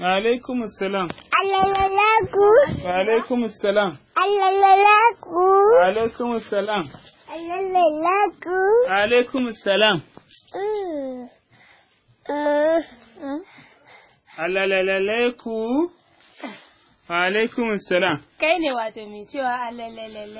Alaikum salam. Alalalaku. Alaikum salam. Mm. Uh, uh. Alalalaku. Alaikum salam. Alalalaku. Alaikum salam. Alalalaleku. Alaikum salam. Kai ne wato mai cewa alalalale.